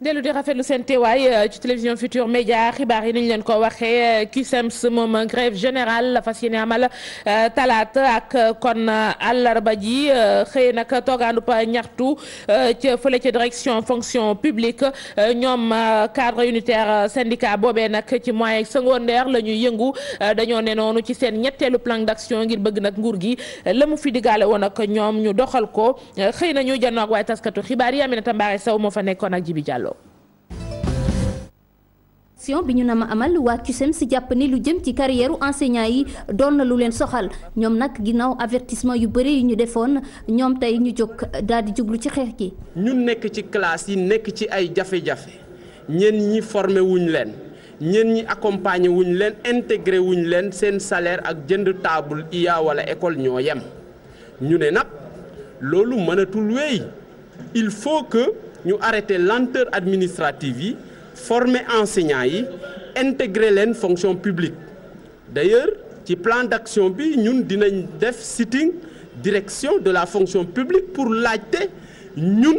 dellu di rafetlu sen téway euh, ci télévision Futur Média xibaar yi nañu leen ko waxee CUSEMS euh, moom grève générale la fas amal euh, talaata ak kon àllarba ji xëy nag toogaandu pa ñaxtu ci feulé ci direction fonction publique ñom cadre unitaire syndicat bobé nak ci moyen secondaire lañu yëngu dañu né nonu ci sen ñettelu plan d'action ngir bëgg nak nguur gi lamu fi digalé won ak ñom ñu doxal ko xey na ñu janoog waaye taskatu xibaar yi Aminata Mbaare saw mo fa nekkon ak Jibi Diallo sion bi ñu na ma amal si japp ne lu jëm ci carrière enseignant yi doon na lu leen soxal ñom nak ginnaw avertissement yu bëre yu ñu defoon ñom tay ñu jóg daal di jublu ci xex gi. ñun nekk ci classe yi nekk ci ay jafé jafé ñen ñi formé wuñ leen ñen ñi accompagner wuñ leen intégré wuñ leen seen salaire ak jënd table iya wala école ñoo yem ñu ne nag loolu mënatul wéy il faut que ñu arrêter lenteur administrative yi former enseignants intégrer les fonctions publiques. d'ailleurs le plan d'action nous ñun dinañ sitting direction de la fonction publique pour l'aider nous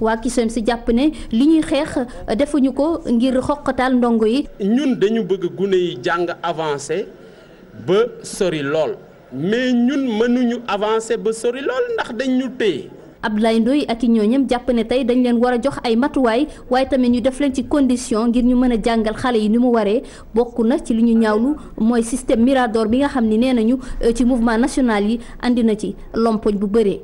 waa Kisum si jàpp ne li ñuy xeex defuñu ko ngir xoqatal ndongo yi. ñun dañu bëgg gune yi jàng avancé ba sori lool mais ñun mënuñu avancé ba sori lool ndax dañ ñu téye. lay Ndoye ak i ñooñam jàpp ne tey dañ leen war a jox ay matuwaay waaye tamit ñu def leen ci condition ngir ñu mën a jàngal xale yi ni mu waree bokk na ci li ñu ñaawlu mooy système mirador bi nga xam ni nee nañu ci mouvement national yi indi na ci lompoñ bu bëree.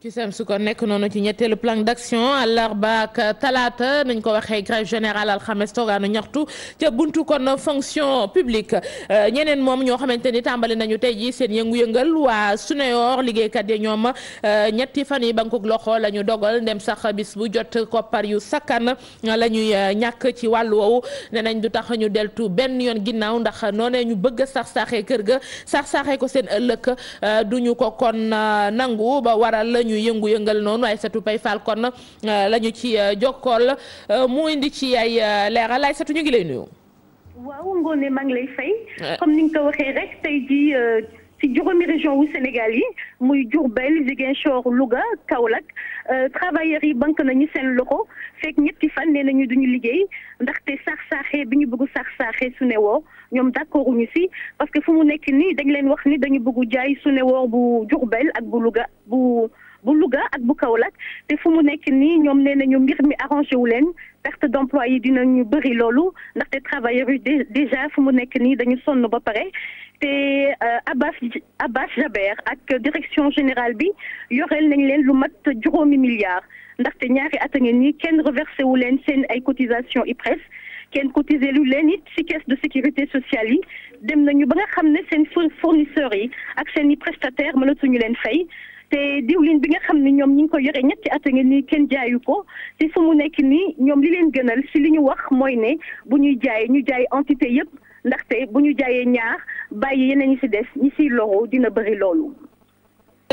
CUSEMS su ko nek nonu ci ñetteelu plan d'action àllarba ak talata nañ ko waxee grève générale alxames toogaanu ñaxtu ci buntu kon fonction publique euh, ñeneen mom ño xamanteni ni nañu tay ji seen yëngu-yëngal wa Suneor liggéeykat yi ñoom euh, ñetti fan yi bankuk loxo lañu dogal dem sax bis bu jot koppar yu sakkan lañu euh, ñak ci walu woowu ne nañ du tax ñu deltu ben yoon ginnaw ndax noné ñu bëgg sax saxé kër ga sax saxé ko seen ëlëk duñu ko kon nangu ba waral ñu yëngu-yëngal noonu Aïssatou Pay Fall kon euh, la ñu ci euh, jokkool euh, mo indi ci ay leeral Aïssatou ñu ngi lay nuyu. waaw ngoone maa ngi lay fay. comme ni nga ko rek tey di ci juróomi région wu Sénégal yi muy Diourbel chor Louga kaolak travailleurs yi banque nañu seen loxo fekk ñetti fan nee nañu duñu liggéey ndax té saaxee bi ñu bëgg saax saaxee su ne woo ñoom d'accord uñu si parce que fu mu nekk ni dañ leen wax ni dañu bëgg jaay su ne woo bu Diourbel ak bu Louga bu bu Louga ak bu Kaolack te fumu nek ni ñom neena nee nañu mbir mi arrangé wu len perte d' dina ñu dinañu lolu ndax ndaxte travailleurs yi déjà fumu nek ni dañu sonn ba paré té euh, Abbas Abbas Jaber ak direction générale bi yorel nañ leen lu mat juromi milliards ndaxte ñaari at ni ngi kenn reversé wu len sen ay cotisation IPRES kenn cotisé lu len it ci caisse de sécurité sociale yi dem nañu ba nga xamné sen seen fournisseurs yi ak sen i prestataires ñu len fay. te diwlin bi nga xam ni ñoom ñi ngi ko yore ñetti at a ngi nii kenn jaayu ko te fu mu nekk nii ñoom li leen gënal si li ñu wax mooy ne bu ñuy jaay ñu jaay entité yëpp ndaxte bu ñu jaayee ñaar bàyyi yeneen ñi si des ñi siy loru dina bëri loolu.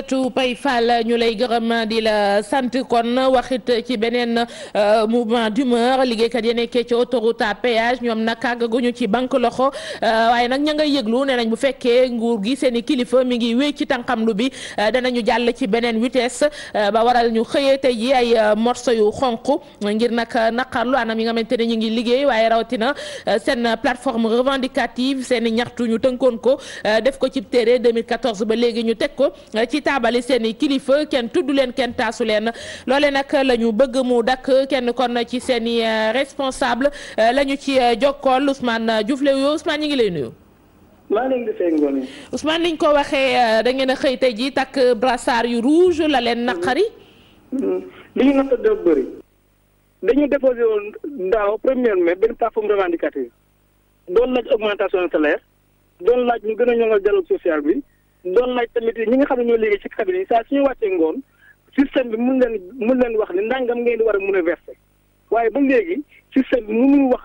tu Paye Fall ñu lay gërëm di la sant kon waxit ci beneen euh, mouvement d'humeur liggéeykat yi nekkee ci autoroute à péage ñoom nag àggaguñu ci banque loxo euh, waaye nag ña ngay yëglu nee nañ bu fekkee nguur gi seen i kilifa mi ngi wéy ci tànqamlu bi euh, danañu jàll ci beneen vitesse ba waral ñu xëyee tey ji ay morso yu xonq ngir nag naqarlu anam yi nga xamante ne ñu ngi liggéey waaye rawatina seen plateforme revendicative seen i ñaxtu ñu tënkoon ko def ko ci téere 2014 ba léegi ñu teg ko taabale seni kilifa ken tudd len ken tasu len lolé nak lañu bëgg mu dak ken kon ci seni euh, responsable euh, lañu ci euh, jokkool Ousmane Diouf yo Ousmane ñi ngi lay nuyu. Ousmane niñ ko waxé da ngeen a xëy tey jii takk brassard yu rouge la len nakari mm-hmm. mm-hmm. li ñu naqari dafa bari dañu déposé won daaw premier mai ben plateforme revendicative don laaj augmentation salaire don laaj ñu gëna a dialogue social bi. doon laaj tamit ñi nga xam ne ñoo liggéey ci cabinet yi saa ñu wàccee ngoon système bi mun leen mun leen wax ne ndàngam ngeen di war a mun a verser waaye ba léegi système bi mënul wax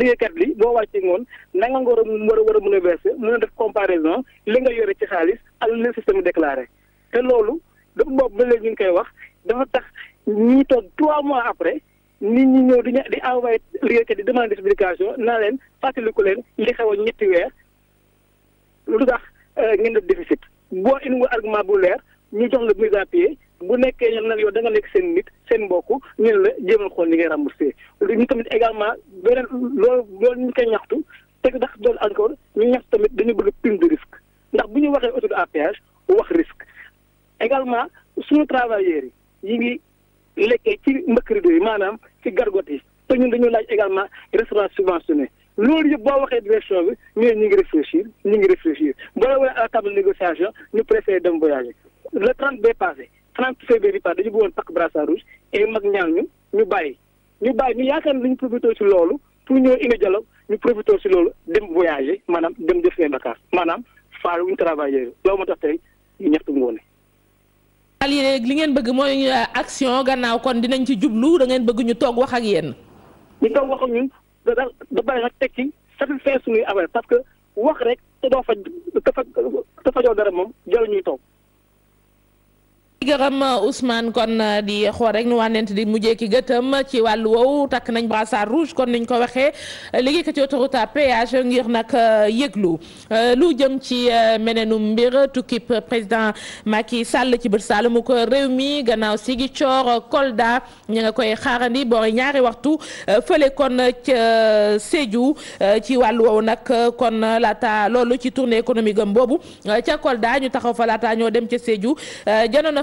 liggéeykat bi boo wàccee ngoon nanga nga war a war a mun a verser mun a def comparaison li nga yore ci xaalis ak le système déclaré te loolu dafa boobu ba léegi ñu ngi koy wax dafa tax ñuy toog trois mois après nit ñi ñëw di di envoyé liggéeykat yi demande d'explication naa leen fàttaliku leen li xewoon ñetti weer Euh, ngeen def déficit boo indiwoo argument bu leer ñu jox la mise à bu nekkee ñoom nag yow da nga nekk seen nit seen mbokk ñu la jéem a xool ni ngay remboursé ñu tamit également beneen loolu loolu ñu koy ñaxtu te ndax doon encore ñu ñaxtu tamit dañu bëgg prime de risque ndax bu ñu waxee autoroute à péage wax risque également suñu travailleurs yi ngi lekkee ci mbëkk rido yi maanaam ci gargote yi te ñun dañu laaj également restaurant subventionné loolu yëpp boo waxee direction bi ñooñu ñu ngi réfléchir ñu ngi réfléchir boo la waxee à la table de négociation ñu préféré dem voyager le 30 bay passé 30 février bi passé dañu bëggoon takk brassard rouge et mag ñaan ñu ñu bàyyi ñu bàyyi ñu yaakaar ne ñu profité ci loolu pour ñëw indi dialogue ñu profité ci loolu dem voyager maanaam dem def seen Dakar maanaam faal wuñ travailleur loolu moo tax tey ñu ñaxtu ngoone daal yéen li ngeen bëgg mooy euh, action gannaaw kon dinañ ci jublu da ngeen bëgg ñu toog wax ak yéen. da da bëri nag teg ci satisfaire suñuy affaire parce que wax rek te doo fa te fa te fa jox dara moom jëriñuy toog. gërëm Ousmane kon euh, di xool rek nu wànnent di mujjee ki gëtëm ci wàllu woowu takk nañ brassard rouge kon niñ ko waxee liggéey ko ci autoroute à péage ngir nag euh, yëglu euh, lu jëm ci meneenu mbir tukkib président Macky Sall ci bët Sall mu ko réew mi gannaaw Ziguinchor Kolda ñu nga koy xaarandi boori ñaari waxtu fële kon ca Sédhiou ci wàll woowu nag kon laata loolu ci tournée économique am boobu ca Kolda ñu taxaw fa laata ñoo dem ca Sédhiou janoon na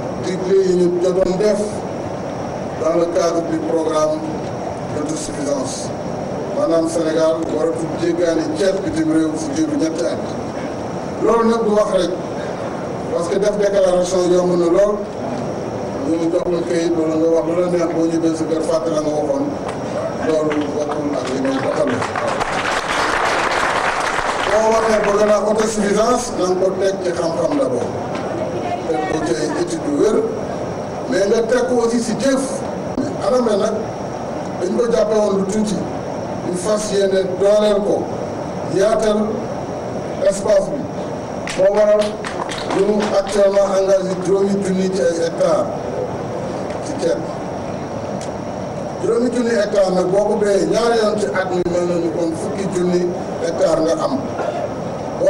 liggéey yi ñu da def dans le cadre du programme de d'autosuffisance maanaam Sénégal war a waratu jéggaani ceeb bi di réew si diiru ñetti at loolu nag du wax rek parce que def déclaration yomb na lool ñu ngi jox la kayit wala nga wax lu la neex boo ñëwee sa kër fàttali nga waxoon loolu bokkul ak li may doxal boo waxee bëgg naa autosuffisance na nga ko teg ci xam-xam d' abord def nañ ci ay wér mais nga teg ko aussi si jëf. anamee nag dañ ko jàppe woon lu tuuti ñu fas yéene ko yaatal espace bi moo waral ñu actuellement engagé juróomi junni ci ay hectares ci ceeb junni hectares nag boo ko béyee ñaari ci at mi mel na ni fukki junni hectares nga am.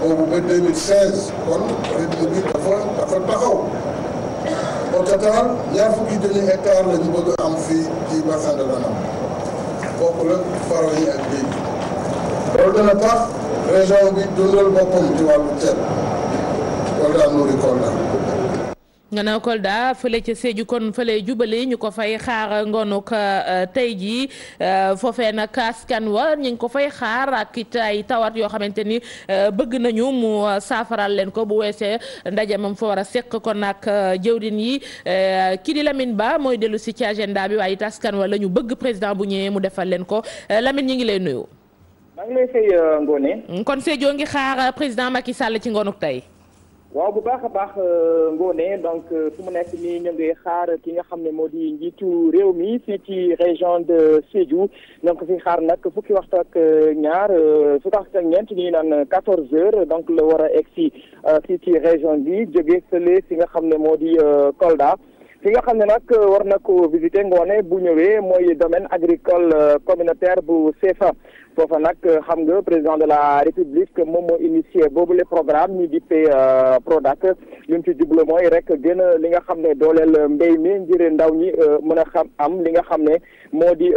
boobu ba 2016 kon rythme bi dafa dafa taxaw au total fukki junni hectare la ñu am fi ci bassin de Dana bokk la faro yi ak bii loolu dana tax région bi dundal boppam ci wàllu ceeb Kolda Nouri Kolda nga ne Kolda fële ca Sédhiou kon fële jubali ñu ko fay xaar ngoonuk euh, tey jii euh, foofe nag askan wa ñu ngi ko fay xaar ak it ay tawat yoo xamante ni euh, bëgg nañu mu saafaral leen ko bu weesee ndaje moom fa war a seq kon ak jëwrin yi kii di lamin Ba mooy dellu si ci agenda bi waaye it askan wa la ñu bëgg président bu ñëwee mu defal leen ko Lamine ñu ngi lay nuyu. maa ngi mm, kon Sédhiou ngi xaar président Macky Sall ci ngoonuk tey. waaw bu baax a baax euh, ngoone donc euh, fu mu nekk nii ñu ngi xaar ki nga xam ne moo di njiitu réew mi fii ci région de Sédhiou donc ngi fi xaar nag fukki waxtu ak euh, ñaar fukki waxtu ak ñeent ñuy naan 14 heures donc la war a egg si fii ci région bi jóge fële fi nga xam ne moo di Kolda fi nga xam ne nag war na ko visiter ngoone bu ñëwee mooy domaine agricole communautaire bu CFA foofa nag euh, xam nga président de la république moom moo initié boobu le programme ñu dippee euh, Prodac li mu ci jublu mooy rek gën a li nga xam ne dooleel mbéy mi ngir ndaw ñi euh, mën a xam am li nga xam ne moo di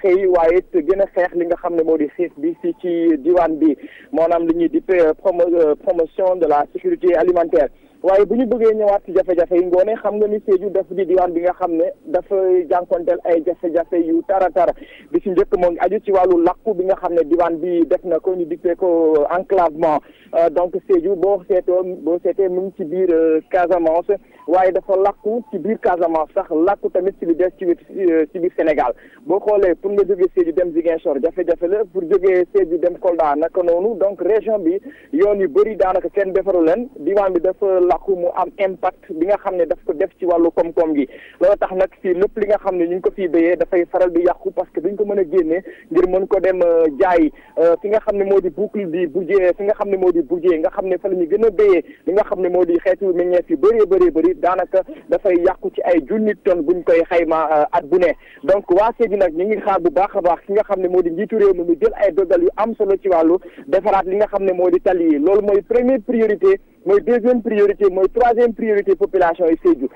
xëy waaye it gën a xeex li nga xam ne moo di xiif bi si ci diwaan bi maanaam li ñuy dippee promotion de la sécurité alimentaire waaye bu ñu bëggee ñëwaat ci jafe-jafe yi ngoone xam nga ni Sédhiou daf di diwaan bi nga xam ne dafa jànkonteel ay jafe-jafe yu tara tara bi ci njëkk moo ngi aju ci wàllu làkku bi nga xam ne diwaan bi def na ko ñu dippee ko enclavement euh, donc Sédhiou boo seetoo boo seetee mu ci biir euh, Casamance waaye dafa làkku ci biir Casamance sax làkku tamit ci lu des ci biir euh, ci biir Sénégal boo xoolee pour nga jógee Sédhiou dem Ziguinchor jafe-jafe la pour jógee Sédhiou dem Kolda naka noonu donc région bi yoon yu bëri daanaka kenn defaru leen diwaan bi dafa làkku mu am impact bi nga xam ne daf ko def ci wàllu koom-koom gi loolu tax nag fii lépp li nga xam ne ñu ngi ko fii béyee dafay faral di yàqu parce que duñ ko mën a génnee ngir mën ko dem euh, jaay euh, fi nga xam ne moo di boucle di Bourdieu fi nga xam ne moo di Bourdieu nga xam ne fa la ñu gën a béyee li nga xam ne moo di xeetu meññeef yu bëree bëri bëri daanaka dafay yàqu ci ay junni tonnes buñ koy xayma euh, at bu ne donc waa Sédhiou nag ñu ngi xaar bu baax a baax ki nga xam ne moo di njiitu réew mi mu jël ay dogal yu am solo ci wàllu defaraat li nga xam ne moo di tali loolu mooy première priorité mooy deuxième priorité mooy troisième priorité population yi Sédhiou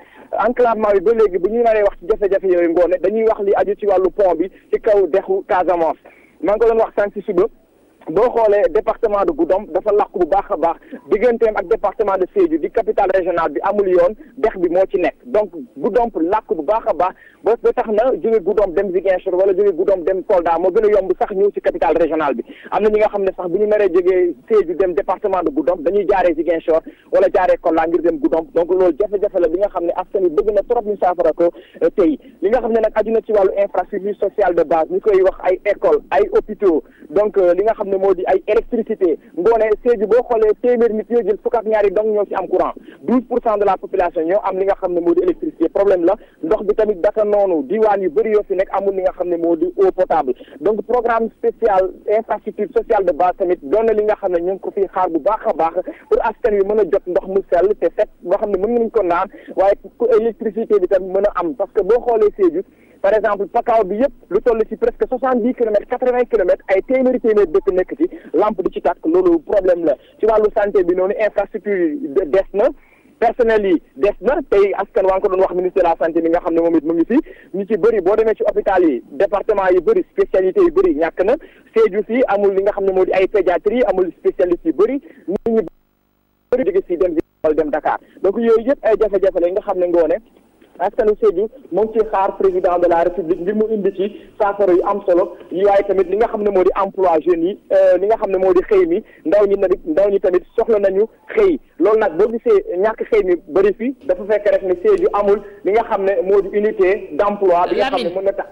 enclavement bi ba léegi bu ñu naree wax ci jafe-jafe yooyu ngoone dañuy wax li aju ci wàllu pont bi ci kaw dexu Casamance maa ngi ko doon wax sànq si suba boo xoolee département de Goudomp dafa lakk bu baax a baax digganteem ak département de Sédhiou di capitale régionale bi amul yoon dex bi moo ci nekk donc Goudomp lakk bu baax a baax ba ba tax na jóge Goudomp dem Ziguinchor wala jóge Goudom dem Kolda moo gën a yomb sax ñëw ci capitale régionale bi am na ñi nga xam ne sax bu ñu naree jógee Sédhiou dem département de Goudom dañuy jaaree Ziguinchor wala jaaree Kolda ngir dem Goudom donc loolu jafe-jafe la bi nga xam ne askan yi bëgg na trop ñu saafara ko euh, tey li nga xam ne nag aju ci wàllu infrastructure sociale de base ñu koy wax ay école ay hôpitaux donc euh, li nga xam ne moo di ay électricité ngoone Sédhiou boo xoolee téeméer nit yoo jël fukk ak ñaari dong ñoo ci am courant douze pour cent de la population ñoo am li nga xam ne moo di électricité problème la ndox bi tamit daka noonu diwaan yu bëri yoo fi nekk amul ni nga xam ne moo di eau potable donc programme spécial infrastructure sociale de base tamit doon li nga xam ne ñu ngi ko fi xaar bu baax a baax pour askan wi mën a jot ndox mu sell te set boo xam ne mën nañ ko naan waaye électricité bi tamit mën a am parce que boo xoolee Sédhiou par exemple pakaaw bi yëpp lu toll ci presque soixante dix kilomètres quatre vingt kilomètres ay téeméeri téeméeri dëkk nekk ci lampe di ci tàkk loolu problème la ci wàllu santé bi noonu infrastructure yi des na personnel yi des na tey askan waa ngi ko doon wax ministre de la santé bi nga xam ne moom it mu ngi fi ñu ci bëri boo demee ci hôpital yi département yi bëri spécialité yi bëri ñàkk na Sédhiou fii amul li nga xam ne moo di ay pédiatrie amul spécialiste yi bëri nit dem wala dem Dakar donc yooyu yëpp ay jafe-jafe la nga xam ne ngoone askanu Sédhiou mu ngi ciy xaar président de la république ngir mu indi ci saafara yu am solo yaay tamit li nga xam ne moo di emploi jeune yi euh, li nga xam ne moo di xëy mi ndaw ñi nag ndaw ñi tamit soxla nañu xëy loolu nag boo gisee ñàkk xëy mi bëri fi dafa fekk rek ne Sédhiou amul li nga xam ne moo di unité d'emploi bi nga xam ne mën na tax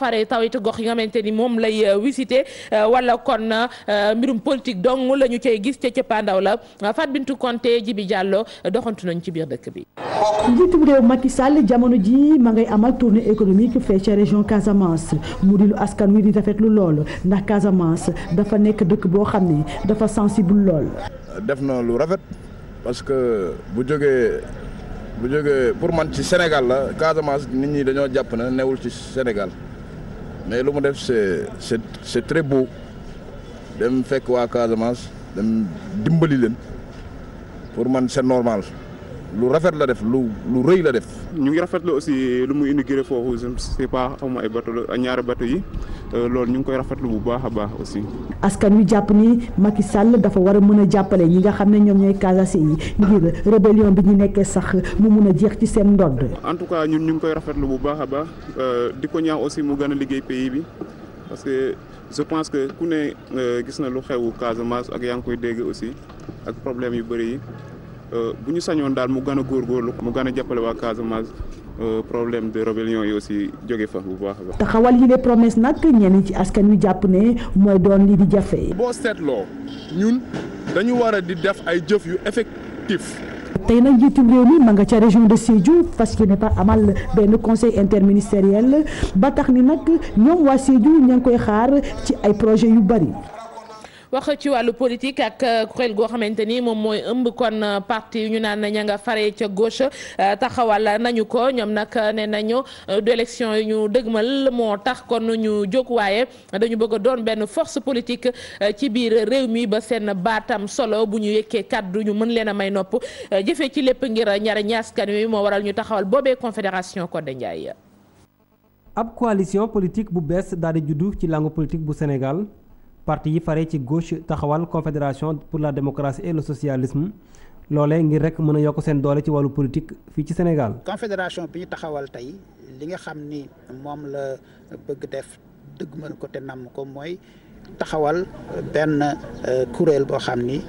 saafara tawitu gox yi nga xamante ni mom lay euh, visité euh, wala kon euh, mbirum politique dong la ñu cay gis ci pandaw la Fat Bintou conté Jibi Diallo doxantu nañ ci biir dëkk bi. njiitum rew Macky Sall jamono ji ma ngay amal tournée économique fee ci région Casamance mu askan wi di rafetlu lool ndax Casamance dafa nek dëkk bo xam dafa sensible lool. def na lu rafet parce que bu joggé bu joggé pour man ci Sénégal la Casamance nit ñi dañoo japp na newul ci Sénégal mais le mu def c'est c'est c'est très beau dem quoi waa Casamance dem dimbali pour man c'est normal lu rafet la def lu lu reuy la def. ñu ngi lo aussi lu mu inauguré fofu je sais pas xaw ay bateau ñaara bateau yi. Euh, loolu ñu ngi koy rafetlu bu baax a baax aussi. askan wi jàpp ni Macky Sall dafa war a mën a jàppale ñi nga xam ne ñoom ñooy casacé yi ngir rébellion bi ñu nekkee sax mu mun a jeex ci seen ndodd. en tout cas ñun ñu ngi koy rafetlu bu baax a baax euh, di ko ñaax aussi mu gën a liggéey pays bi parce que je pense que ku ne euh, gis na lu xewu Casamance ak yaa ngi koy dégg aussi ak problème yu bëri yi bu ñu sañoon daal mu gën a góorgóorlu mu gën a jàppale waa Casamance. Euh, problème de rébellion yi aussi jóge fa bu baax a taxawal yi les promesses nak ñen ci askan wi japp né moy doon li di jafé bo seetloo ñun dañu wara di def ay jëf yu effectif. tey nag njiitum réew mi ma nga ca région de Sédhiou parce que n'est pas amal ben conseil interministériel ba tax ni nak ñom wa Sédhiou ñang koy xaar ci ay projet yu bari wax ci wàllu politique ak euh, kurel go xamanteni mom moy mooy kon euh, parti ñu naan ña nga fare ci gauche euh, taxawal nañu ko ñom nak ne nañu du élection ñu deugmal moo tax kon ñu jóg waaye dañu bëgg doon ben force politique ci biir réew mi ba sen batam solo bu ñu yéké kàddu ñu mën leen may nopp jëfé ci lepp ngir njariñ askan wi moo waral ñu taxawal bobé confédération Codé ndjay ab coalition politique bu bees daal di juddu ci langue politique bu Sénégal parti yi ci gauche taxawal confédération pour la démocratie et le socialisme l'olé ngir rek mëna a sen doolé ci walu politique fi ci Sénégal. confédération bi taxawal tay li nga xamni mom la bëgg def dëgg mëna ko nam ko moy taxawal ben kuréel bo xamni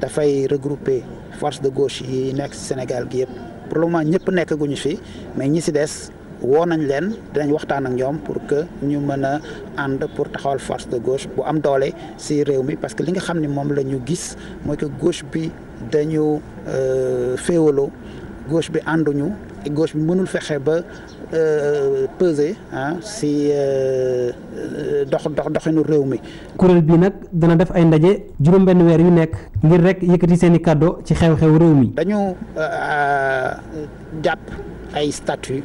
da fay regrouper force de gauche yi Nex Sénégal gi yépp pour le moment ñëpp nekk guñu fi mais ñi ci dess woo nañ leen dañ waxtaan ak ñoom pour que ñu mën a ànd pour taxawal force de gauche bu am doole si réew mi parce que li nga xam ni moom la ñu gis mooy que gauche bi dañu euh, féewaloo gauche bi ànduñu gauche mënul fexe ba euh, peser ah euh, si dox dox doxinu réew mi. kuréel bi nag dana def ay ndaje juróom-benn weer yu nekk ngir rek yëkkati seen i kàddo ci xew-xew réew mi. dañu jàpp ay statut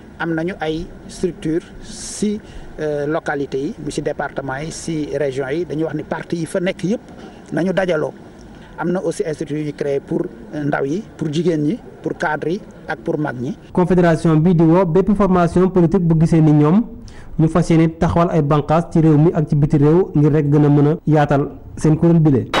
amnañu ay structure si euh, localité yi mu si département yi si région yi dañuy wax ni parti yi fa nekk yëpp nañu dajalo amna aussi institut yu ñu créé pour euh, ndaw yi pour jigéen ñi pour cadre yi ak pour mag ñi. confédération bi di wo bépp formation politique bu gisee ni ñoom ñu fas yéene taxawal ay bànqaas ci réew mi ak ci biti réew ngir rek gën a mën a yaatal seen kuréel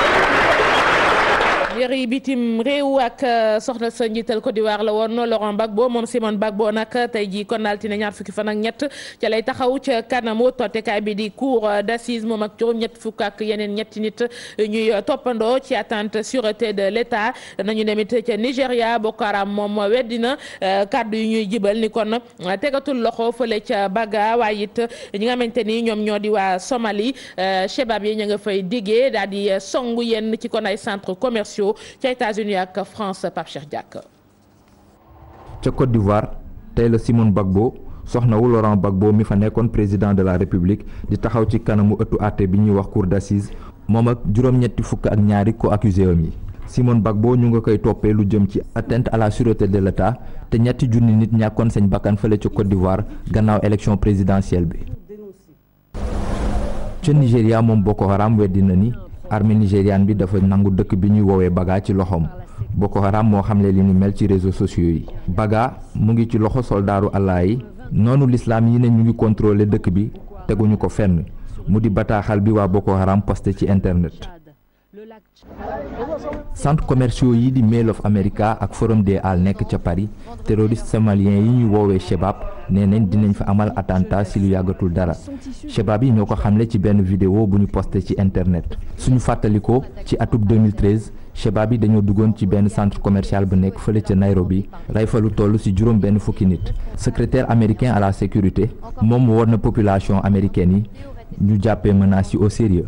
yar yi bitim réew ak euh, soxna sa njiital Côte d'Ivoire la woon Laurent Bagbo mom Simone Bagbo nak tey jii kon altine ñaar fukki fan ak ñett ci lay taxaw ca kanamu kay bi di cour d'assises mom ak juróom ñett fukk ak yenen ñetti nit ñuy topando ci attente sûreté de l'État nañu demit ci Nigeria Boko Haram moom weddina euh, kàddu yu ñuy jibal ni kon euh, tegatul loxo fele ci Baga wayit ñi nga xamante ñom ñoom ñoo di wa Somalie chebab yi nga fay diggé dal di songu yenn ci konay centre centres commerciaux est aux États-Unis ak France par Cheikh Diack. Ce Côte d'Ivoire tey la Simone Gbagbo soxnawu Laurent Bagbo, mi fa nekkoon président de la République di taxaw ci kanamu ëttu àtte bi ñuy wax cour d'assises moom ak juróom-ñetti fukk ak ñaari ko accusé am yi. Simone Bagbo ñu nga koy topé lu jëm ci atteinte à la sûreté de l'État té ñetti junni nit ñàkkoon seen Bakane fele ci Côte d'Ivoire gannaaw élection présidentielle bi. ca Nigéria mom Boko Haram weddi na ni. armée nigériane bi dafa nangu dëkk bi ñuy woowee Baga ci loxoom Boko Haram moo xamle li ñu mel ci réseau sociaux yi Baga mu ngi ci loxo soldaaru Allah yi noonu lislaam yi ne ñu ngi contrôler dëkk bi teguñu ko fenn mu di bataaxal bi waa Boko Haram posté ci internet centre commerciaux yi di Mall of America ak Forum des Halles nekk ca Paris terroriste somalien yi ñu woowee Chebab nee nañ dinañ fa amal attentat si lu yàggatul dara Chebab yi ñoo ko xamle ci benn vidéo bu ñu posté ci internet suñu fàttalikoo ci atub 2013 Chebab yi dañoo duggoon ci benn centre commercial bu nekk fële ca Nairobi rey fa lu toll si juróom benn fukki nit secrétaire américain à la sécurité moom woon na population américaine yi ñu jàppee menace yi au sérieux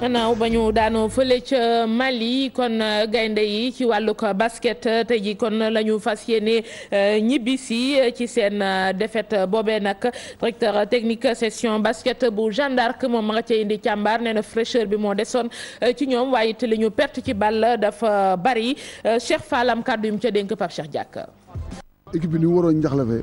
gannaaw ba ñu daanoo fële ca Mali kon euh, gaynde yi ci wàllug basket euh, tey ji kon la ñu fas yéene euh, ñibbisi ci seen défaite boobee nag directeur technique section basket bu Jeanne moom ma nga ca indi càmbar nee na fraîcheur bi moo desoon ci ñoom waaye it li ñu perte ci ball dafa bari Cheikh Fall am kàddu yu mu ca dénk Pape Cheikh Diack. équipe ni waroon njaxlafee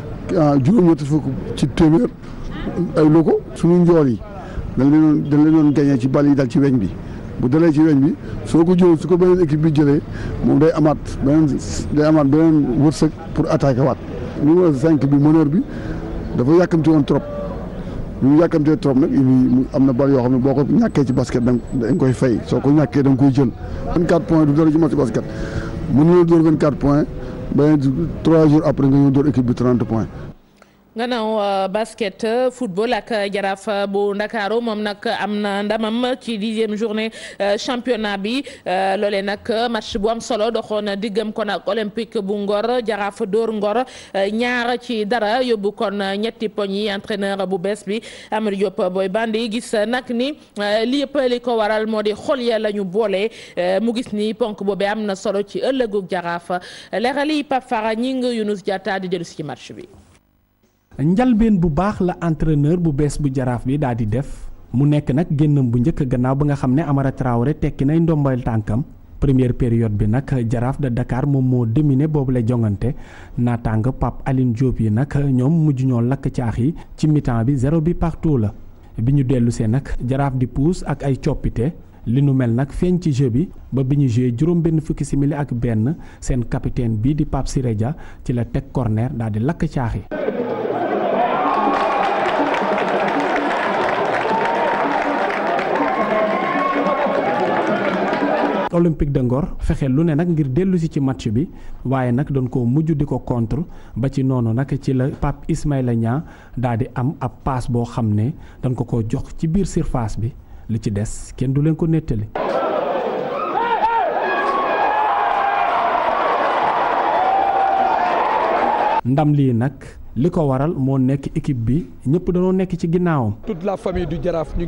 Ah, juróom-ñetti fukk ci téeméer ay loko suñu njool yi dañ leen dañ leen doon gagné ci bal yi dal ci weñ bi bu dalee ci weñ bi soo ko jëloon su ko beneen équipe bi jëlee moom day amaat beneen day amaat beneen wërsëg pour attaquer waat numéro cinq bi meneur bi dafa yàkkamti woon trop ñu mu yàkkamtee trop nag mu am na bal yoo xam ne boo ko ñàkkee ci basket da nga koy fay soo ko ñàkkee da nga koy jël 24 points du dara ci match basket mënuñoo dóor 24 ba trois jours après nga ñëw door équipe bi 30 ganaaw uh, basket uh, football ak uh, jaraaf bu ndakaaru mom nak amna ndamam ci 10e journée championnat bi lolé nak match bu am solo doxoon digam kon ak olympique bu ngor jaraaf dor ngor ñaar ci dara yóbbu kon ñetti poñ yi entraîneur bu bes bi Amadou Diop boy bandi gis nak ni li li ko waral Modi xol ya lañu bolé mu gis ni ponk bobé amna solo ci ëllëgu jaraaf leerali pa Fara ñing ngi jatta di jël ci match bi. njalbeen bu baax la entraîneur bu bees bu jaraaf bi daal di def mu nekk nag génnam bu njëkk gannaaw ba nga xam ne Amara Traoré tekki nay ndombal tànkam première période bi nag jaraaf de Dakar moom moo dominé boobu la jongante naataang Pape Aline Diop yi nag ñoom mujj ñoo lakk caax yi ci mi bi zero bi partout la bi ñu dellu see nag jaraaf di puus ak ay coppite li nu mel nag feeñ ci jeu bi ba bi ñu joué juróom benn fukki simili ak benn seen capitaine bii di Pape Siré ci la teg daal di lakk caax yi Olympique de Ngor fexe lu ne nag ngir dellu si ci match bi waaye nag doon koo mujj di ko contre ba ci noonu nag ci la Pape Ismaïla Niang daal di am ab paas boo xam ne dañ ko ko jox ci biir surface bi li ci des kenn du leen ko nettali. ndam lii nag li ko waral moo nekk équipe bi ñëpp dañoo nekk ci ginnaawam. la du Jaraaf ñu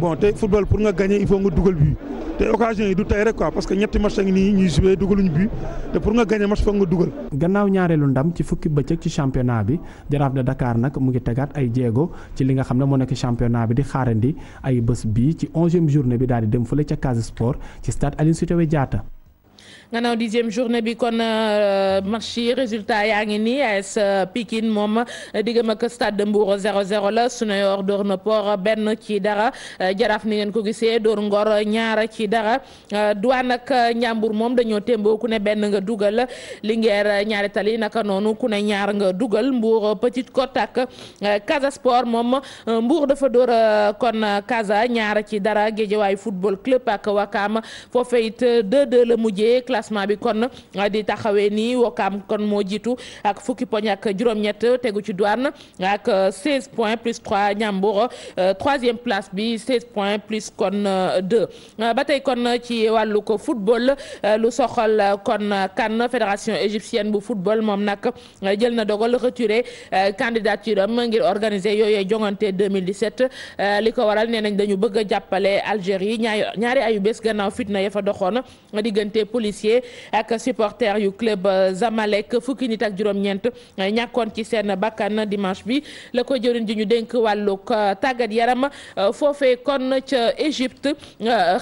bon te football pour nga gagner il faut nga dugal but te occasion yi du tey rek quoi parce que ñetti match ak nii ñuy joué dugaluñ but te pour nga gagner match foog nga dugal. gannaaw ñaareelu ndam ci fukki bëccëg ci championnat bi Jaraaf de Dakar nag mu ngi tegaat ay jéego ci li nga xam ne moo nekk championnat bi di xaarandi ay bés bii ci onzième journée bi daal di dem fële ca Casa Sport ci stade Aline Sitoé jaata gannaaw dixième journée bi kon euh, match résultat yaa ngi nii AS euh, Pikine moom euh, diggam ak Stade de Mbour 0-0 la Sunayor dóor na Port benn ci dara Jaraaf ni ngeen ko gisee door Ngor ñaar ci dara Douane ak Ndiambour moom dañoo témboo ku ne benn nga dugal Linguère ñaari tali naka noonu ku ne ñaar nga dugal Mbour Petite Côte ak Casa Sport moom Mbour dafa door kon Casa ñaar ci dara Guédiawaye football club ak Wakam foofee it 2-2 la mujjee classement bi kon di taxawee nii Wakaam kon mo jitu ak fukki poñ ak juróom-ñett tegu ci douane ak 16 euh, points plus 3 Ndiambour euh, troisième place bi 16 points plus kon 2 euh, batay kon ci wàllu ko football lu soxal kon kan fédération égyptienne bu football mom nak jël na dogal retirer candidature am ngir organiser yooyee jongante 2017 liko waral nee nañ dañu bëgg jappalé Algérie ñaari ayu bés gannaaw fitna ya fa doxoon diggante policier Gauthier ak supporter yu club euh, Zamalek fukki nit ak juróom-ñeent euh, ñàkkoon ci seen bakkan dimanche bi la ko jëriñ ji ñu dénk wàllug euh, tàggat yaram foofee kon ca Égypte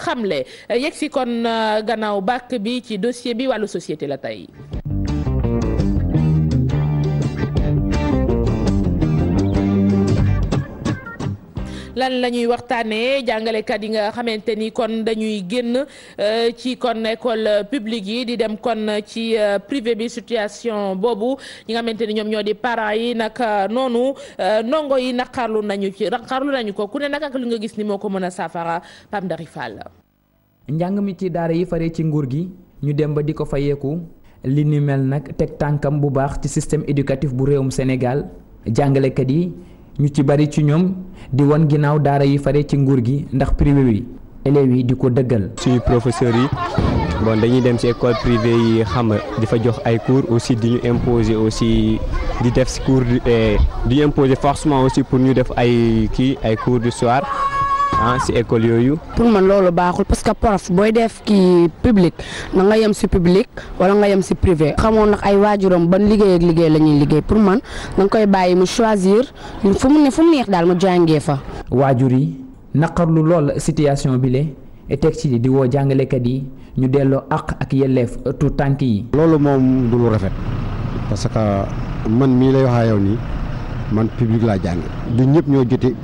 xamle yegg si kon gannaaw bàkk bi ci dossier bi wàllu société la tey. lan la ñuy waxtaanee jàngalekat yi nga xamante ni kon dañuy génn euh, ci kon école publique yi di dem kon ci euh, privé bi situation boobu ñi nga xamante ni ñoom ñoo di parents yi nag euh, noonu ndongo yi naqarlu nañu ci xarlu nañu ko ku ne nag ak li nga gis ni moo ko mën a saafara Pam Ndari Fall. njàng mi ci daara yi faree ci nguur gi ñu dem ba di ko fayeeku li ni mel nag teg tànkam bu baax ci système éducatif bu réewum Sénégal jàngalekat yi. ñu ci bari ci ñoom di won ginnaaw daara yi fare ci nguur gi ndax privé yi élèves yi di ko dëggal. suñu professeurs yi bon dañuy dem ci école privée yi xam di fa jox ay cours aussi di ñu imposer aussi di def cours eh, di ñu imposer forcement aussi pour ñu def ay kii ay cours du ah si école yooyu. pour man loolu baaxul parce que prof booy def kii public na nga yem si public wala nga yem si privé. xamoon nag ay waajuram ban liggéey ak liggéey la ñuy liggéey pour man danga koy bàyyi mu choisir fu mu ne fu mu neex daal mu jàngee fa. waajur yi lu lool situation bi le teg ci di woo jàngalekat yi ñu delloo àq ak yelleef tout tànk yi. loolu moom du lu rafet parce que man mii lay wax yow nii man public laa jàng du ñëpp ñoo jotee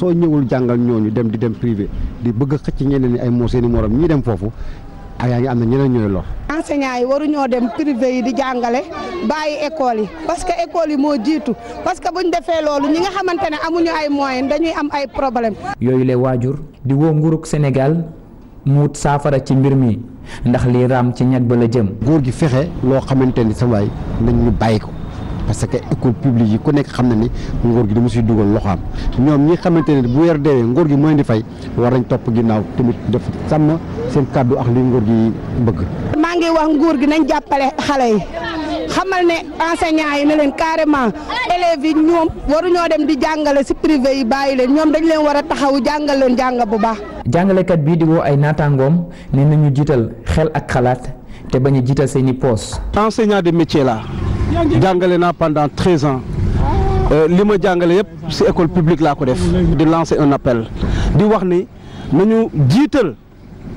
soo ñëwul jàngal ñu dem di dem privé di bëgg a xëcc ñeneen ñi ay moo seen i morom ñii dem foofu ay yaa ngi am na ñeneen ñooy lor. enseignants yi waruñoo dem privé yi di jàngale bàyyi école yi parce que école yi moo jiitu parce que buñ defee loolu ñi nga xamante ne amuñu ay moyens dañuy am ay problème yooyu le waajur di woo nguurug senegal mu wut saafara ci mbir mi ndax lii raam ci ñag ba la jëm. góor gi fexe loo xamante ni sa waay nañ bàyyi ko. parce que école publique yi ku nek xamna ni ngor gi dama suy dugal loxam ñom ñi xamante bu yer dewe ngor gi moy di fay war nañ top ginaaw tamit def sam sen cadeau ak li ngor gi bëgg. ma ngi wax ngor gi nañ jappalé xalé yi xamal ne enseignant yi ne leen carrément élèves yi ñom waru ñoo dem di jàngale ci privé yi bayi leen ñom dañ leen wara taxaw jangal jàngal leen jàng bu baax. kat bi di wo ay natangom ne nañu jital xel ak xalaat té bañu jital seeni poste enseignant de métier là jangalé na pendant 13 ans euh ma jangalé yépp ci école publique laa ko def di lancer un appel di wax ni nañu jiital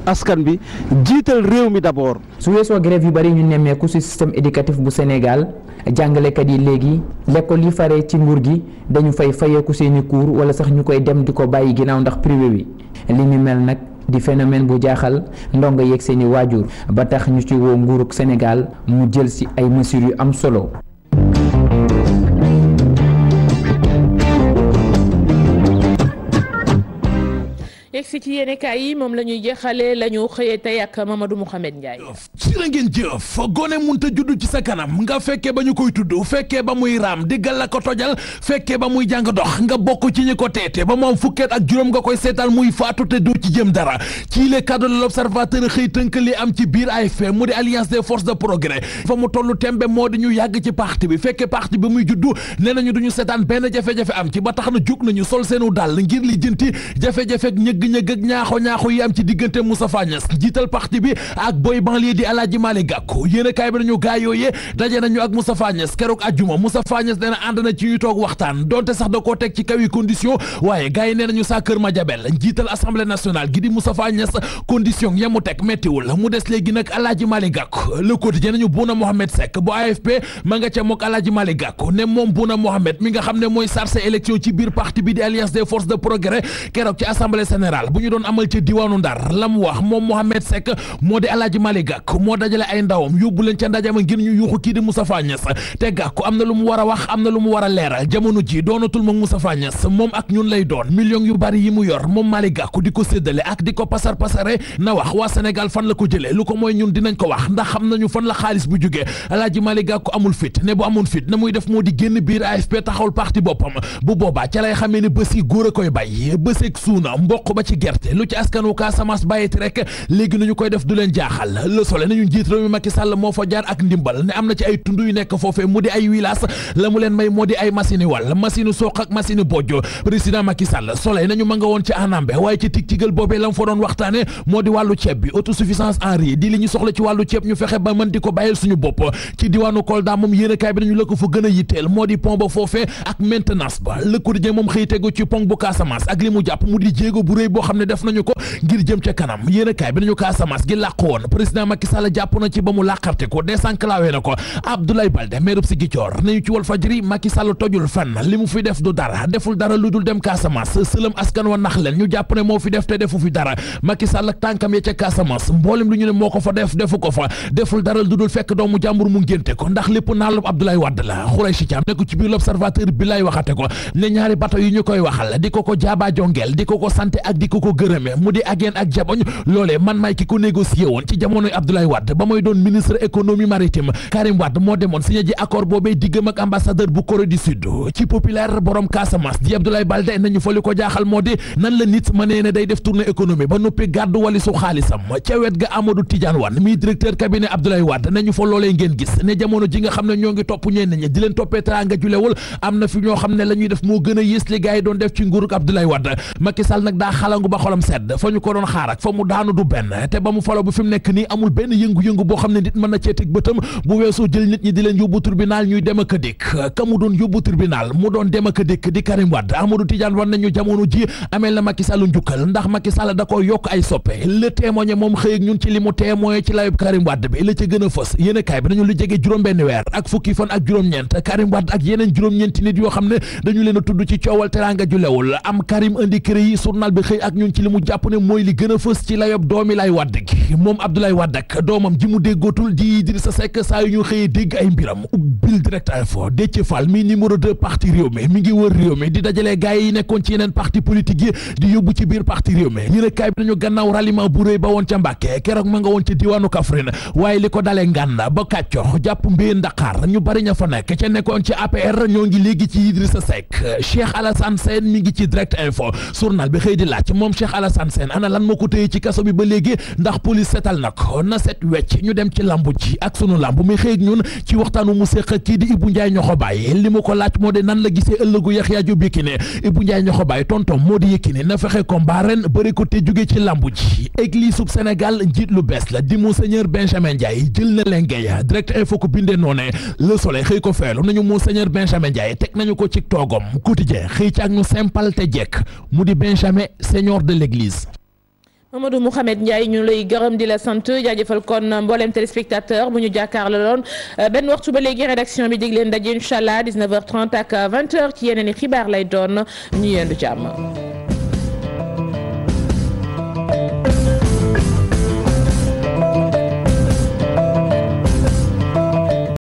askan bi jiital réew mi d'abord. su weesoo grève yu bari ñu nemmeeku ci système éducatif bu Sénégal jàngalekat yi légui l'école yi faré ci nguur gi dañu fay fayeeku seeni cours wala sax ñukoy dem diko bayyi ginaaw ndax privé wi limi mel nak di phénomène bu jaaxal ndongo yeeg seeni waajur ba tax ñu ci woo nguurug Sénégal mu jël ci ay mesures yu am solo yegsi ci yéenekaay yi moom la ñuy jeexalee la ñu xëyee tey ak Mamadou Mouhamed Ndiaye. sira ngeen juddu ci sa kanam nga fekkee ba ñu koy tudd fekkee ba muy raam diggal la ko tojal fekke ba muy jàng dox nga bokk ci ñu ko teete ba moom fukkeet ak juróom nga koy seetaan muy faatu te doo ci jëm dara ci les cadres de l'observateur xëy tënk li am ci biir AFP mu di alliance des forces de progrès fa mu tollu tembe moo di ñu yàgg ci parti bi fekkee parti bi muy juddu nee nañu ñu seetaan benn jafe-jafe am ci ba tax na jug nañu sol seenu dàll ngir li jënti jafe-jafe ñëgg ñëg ak ñaaxo ñaaxo yi am ci diggante a assemblée nationale gi di Moustapha Niass condition ya mu mu des léegi nag Alaaji Malick Gakou le quotidien nañu Bouna Mohamed Seck bu AFP ma nga ca mook Alaaji Malick Gakou ne moom Bouna Mohamed mi nga xam ne mooy sarse élection ci biir parti bi di alliance des forces de progrès keroog ci assemblée sénégalaise général bu ñu doon amal ca diwaanu Ndar lam wax moom Mohamed Seck moo di Alaaji Malick Gakou moo dajale ay ndawam yóbbu leen ca ndajama ngir ñu yuuxu kii di Moustapha Niasse te Gakou am na lu mu war a wax am na lu mu war a leeral jamono ji doonatul ma Moustapha Niasse moom ak ñun lay doon millions yu bari yi mu yor moom Malick Gakou di ko séddale ak di ko pasar pasare na wax waa Sénégal fan la ko jëlee lu ko mooy ñun dinañ ko wax ndax xam nañu fan la xaalis bu jógee Alaaji Malick Gakou amul fit ne bu amoon na muy def di génn biir AFP taxawul parti boppam bu boobaa ca lay xamee ne bés yi góor a koy bay ba ci gerte lu ci askanu Casamance bàyyiti rek léegi nañu koy def du leen jaaxal le soleil nañu njiit réew mi Macky Sall moo fa jaar ak ndimbal ne am na ci ay tund yu nekk foofee mu di ay wilaas la mu leen may moo di ay machine wal machine soq ak machine bojjo président Macky Sall soleil nañu ma nga woon ci anambe waaye ci tig tigal boobee la mu fa doon waxtaane moo di wàllu ceeb bi autosuffisance en riz di li ñu soxla ci wàllu ceeb ñu fexe ba mën a kaay bi boo xam ne def nañu ko ngir jëm ca kanam yéen a bi nañu Casamance gi làq woon président Macky Sall jàpp na ci ba mu làqarte ko désenclavé na lu dul dem Casamance sëlëm wa nax leen ñu jàpp ne moo fi def te defu fi dara Macky Sall ak lu ñu ne ko fa def defu ko fa deful dara lu dul mu ngénte ko ndax lépp naalub Abdoulaye Wade la Khoureychi ak di ko ko gërëme mu di ageen ak jaboñ loolee man maay ki ko négocié woon ci jamonoy Abdoulaye Wade ba mooy doon ministre économie maritime Karim Wade moo demoon signé ji accord boobee diggam ak ambassadeur bu Corée du Sud ci populaire borom Casamance di Abdoulaye Baldé nañu fa li ko jaaxal moo di nan la nit mënee ne day def tournée économie ba noppi gàddu wali su xaalisam ca wet ga Amadou Tidiane Wane mi directeur cabinet Abdoulaye Wade nañu fa loolee ngeen ji nga xam ne ñoo ngi topp ñenn ñi di leen toppee teraanga julewul xam ne la ñuy def moo gën a yées li gars yi doon def ci nguurug Abdoulaye Wade Macky kalangu ba xolam sedd fa ñu ko doon la ca juróom-benn weer ak fukki fan ak juróom-ñeent Karim ak yeneen juróom-ñeenti nit yoo xam ne dañu leen a tudd ci coowal teranga ju lewul am Karim indi kër bi xëy ak ñun ci li mu jàpp ne mooy li gën a fës ci layob doomi lay Wàdd gi moom Abdoulaye Wàdd ak doomam ji mu déggootul di Idrissa Seck saa yu ñu xëyee dégg ay mbiram ubbil direct info Déthié Fall mi numéro 2 parti réew mi ngi wër réew mi di dajale gars yi nekkoon ci yeneen parti politique yi di yóbbu ci biir parti réew mi yéen a kaay bi nañu gannaaw ralliement bu réy ba woon ca Mbàkke keroog ma nga woon ca diwaanu Kaffrine waaye li ko dalee ngànna ba kàccox jàpp ñu bari ña fa nekk ca nekkoon ci APR ñoo ngi léegi ci Idrissa Seck Cheikh Alassane Sène mi ngi ci direct info journal bi xëy di laaj wecc moom Cheikh Alassane Sène ana lan moo ko téye ci kaso bi ba léegi ndax police setal na ko na set wecc ñu dem ci lamb ji ak sunu lamb mi xëy ñun ci waxtaanu mu séq kii di Ibou Ndiaye ñoxo bàyyi li mu ko laaj moo di nan la gisee ëllëgu Yaxya Jóob Yékini Ibou Ndiaye ñoxo bàyyi tontom moo di Yékini na fexe combat ren bëri ko te jóge ci lamb ji église sub njiit lu bees la di Monseigneur Benjamin Ndiaye jël na leen gaye direct info ko le soleil xëy ko feelu nañu Monseigneur Benjamin Ndiaye teg nañu ko ci toogom quotidien xëy ci ak ñu simple te jekk mu di Benjamin seigneur de l'Église. Mamadou Mohamed Ndiaye ñu lay gërëm di la sante jaajëfal kon mboolem téléspectateur bu ñu jàkkaarloo loon benn waxtu ba légui rédaction bi diglé leen daje 19h30 ak 20h ci yeneen xibar lay doon ñu yendu jàmm.